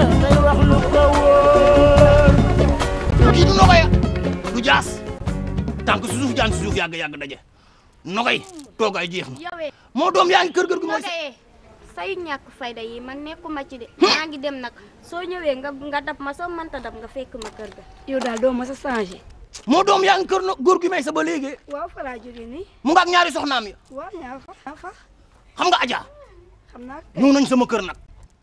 tey wax lu ko wóor kii du nogoy du jaas tànk si suuf jaan si suuf yàgg yàgg daje nogoy toogaay jeex gitu. iya, na moo doom yaa ngi kër kër gu mooy eh. say ñàkk fayda yi man nekkuma ci de maa ngi dem nag soo ñëwee nga nga dab ma soo mënta dab nga fekk ma kër ga yow daal doo ma sa changé moo doom yaa ngi kër góor gi may sa ba léegi waaw fa mu ñaari ñaar fa xam nga xam nañ sama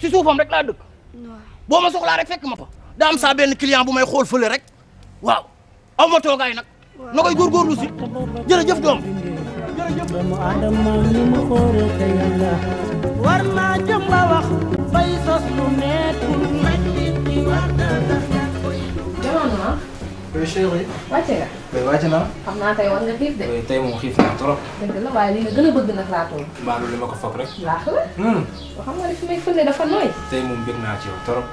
si suufam rek laa dëkk. boo ma soxlaa rek fekk ma fa. daa am saa benn bu may xool fële rek waaw aw ma toogaay nag. waaw na koy góorgóorlu si jërëjëf doom jërëjëf. tey wàcc naa. xam naa tey war nga xiif de. tey moom xiif naa trop. dëgg la waaye li nga gën a bëgg nag laa toll. mbaa loolu li ma rek. laax la. Hmm. xam nga ne fi may fële dafa nooy. tey moom bëgg naa ci yow trop.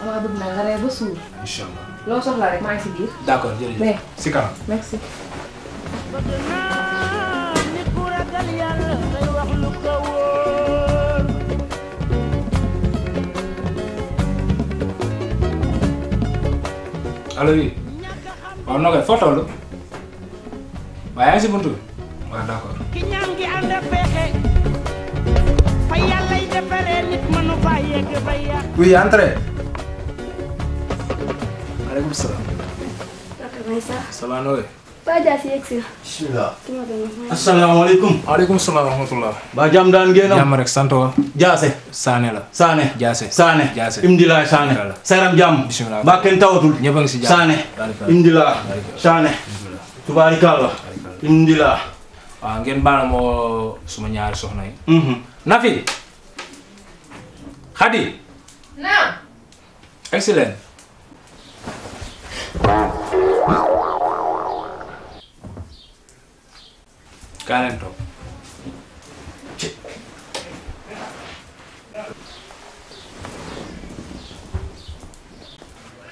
damaa bëgg naa nga reer ba suur. incha allah loo soxla rek maa ngi si biir. d'accord jërëjëf mais si kanam. merci. allo oui. waaw noo koy foo toll waaye si buntu bi waaw ki ñaan gi ànd ak pexe fa yàllay defaree nit mënu faa yegg ba yàq. oui entrez. maaleykum salaam. ça va Noé. Baja si Eksil. Bismillah. Assalamualaikum. Waalaikumsalam warahmatullah. Bajam dan genam. Jam rek santo. Jase. Sane la. Sane. Jase. Sane. Jase. Imdila sane. Seram jam. Bismillah. Bakken tawtul. Nyebang si jam. Sane. Imdila. Sane. Tubarikallah. Imdila. Ah ngeen baal mo suma ñaar soxna yi. Mhm. Nafi. Khadi. Naam. Excellent. Wow. kaa leen toog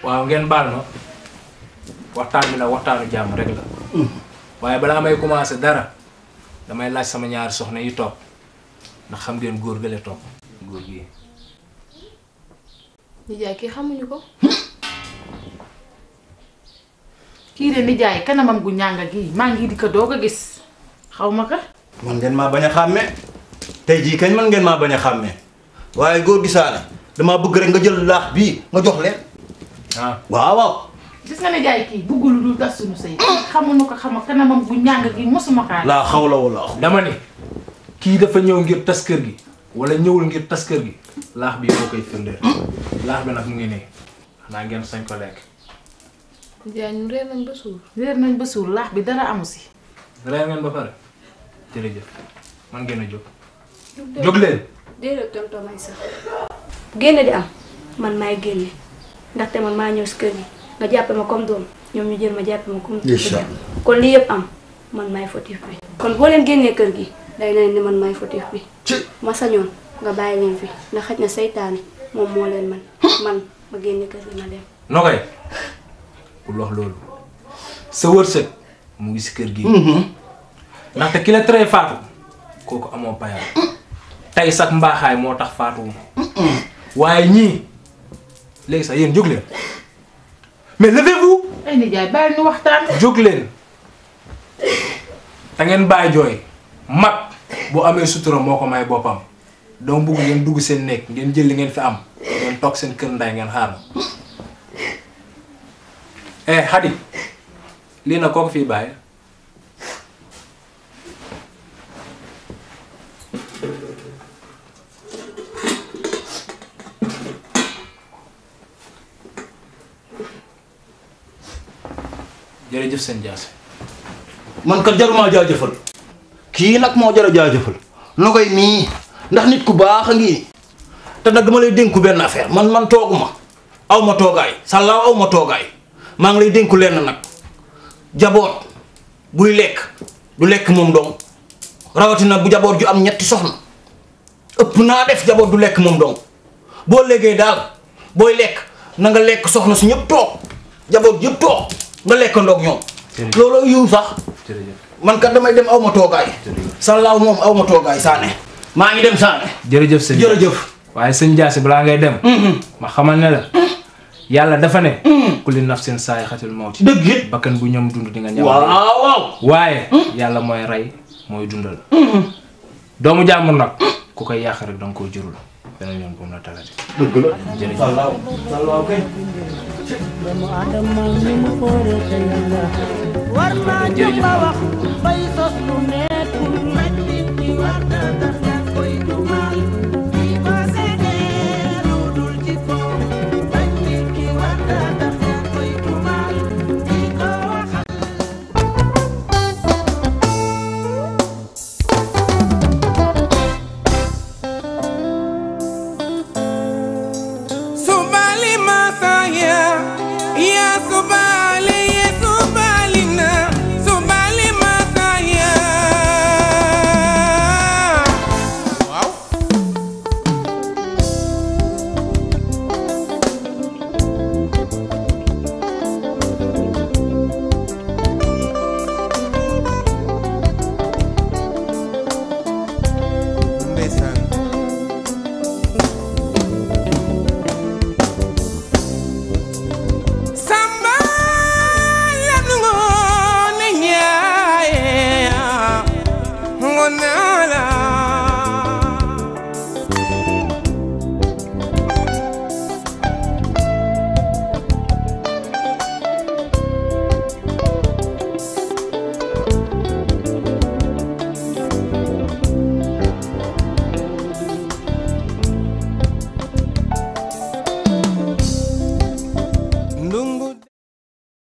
waaw ngeen baal ma waxtaan bi la waxtaanu jàmm rek la waaye balaa may commencé dara damay laaj sama ñaari soxna yi toog ndax xam ngeen góor gële toog góor gi nijaay kii xamuñu ko kii de nijaay kanamam gu ñànga gi maa ngi di ko gis xawma ka man ngeen ma baña xamé tay ji jii kañ man ngeen ma baña xamé waye goor góor gi saana damaa bëgg rek nga jël laax bi nga jox leen ah waaw waaw gis nga ne jaay ki bëggul lu dul tas suñu sëy xamuñu ko xama kanamam bu ñang gi musuma xaar la xawla la wala dama ne ki dafa ñew ngir tas kër gi wala ñewul ngir tas kër gi laax bi bokay koy laax bi nak mu ngi ne xanaa ngeen sañ ko lek jaay ñu reer nañ ba suur reer nañ ba suur laax bi dara amu si reer ngeen ba pare jërëjëf man ngeen a jóg. jóg leen. déedéet tonton may sax génn di am man maay génne ndaxte man maa ñëw si kër gi nga jàppe ma comme doom ñoom ñu jël ma jàppe ma comme doom kon lii yëpp am man maay fautif bi kon boo leen génnee kër gi day leen ni man maay fautif bi ma sañoon nga bàyyi leen fi ndax xaj na seytaane moom moo leen man man ma génne kër gi ma dem no koy ku lox loolu sa wërsëg mu ngi si kër gi mhm. ndaxte ki la tëree faatu kooku amoo payal tey sax mbaaxaay moo tax faatuwuma waaye ñii léegi sax yéen jóg leen mais levez-vous. ay nijaay bàyyi ñu waxtaan. jóg leen da ngeen bàyyi jooy mag boo amee sutura moo ko may boppam donc bugg ngeen dugg seen nekk ngeen jël li ngeen fi am ngeen toog seen kër nday ngeen xaar eh Xadi lii nag kooku fii bàyyi. jërëjëf seen jaase man kat jarumaa jaajëfal kii nag moo jar a jaajëfal nu koy mii ndax nit ku baax a ngi te nag dama lay dénku benn affaire man man tooguma aw ma toogaay sàllaaw aw toogaay maa ngi lay dénku lenn nag jaboot buy lekk du lekk moom dong rawatina bu jabor ju am ñetti soxna upp na def jabor du lek mom dong bo legge dal boy lek na nga lek soxna su tok jabor tok nga lek ndok ñom lolo yu sax man kat damay dem togaay ma mom awma togaay sané ma toogaay saane maa ngi dem saane jërëjëf sëñ jërëjëf waaye sëñ jaasi ngay dem mm-hmm. ma xamal ne la mm-hmm. yalla dafa ne mm-hmm. kulli nafsin saayixatul mawti dëgg bakkan bu ñom dund di nga ñaw waaw waaw waaye yalla moy ray mooy dundal. Mm-hmm. doomu jàmbur nag ku koy yàq rek danga koo jurul beneen yoon bu mu la talati. dëgg la jërëjëf sallaaw wax